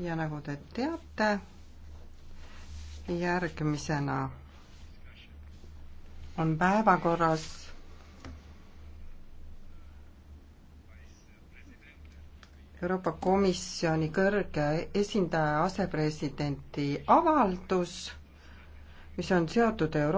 ja nagu te teate, järgmisena on päevakorras Euroopa Komisjoni kõrge esindaja asepresidendi avaldus, mis on seotud Euroopa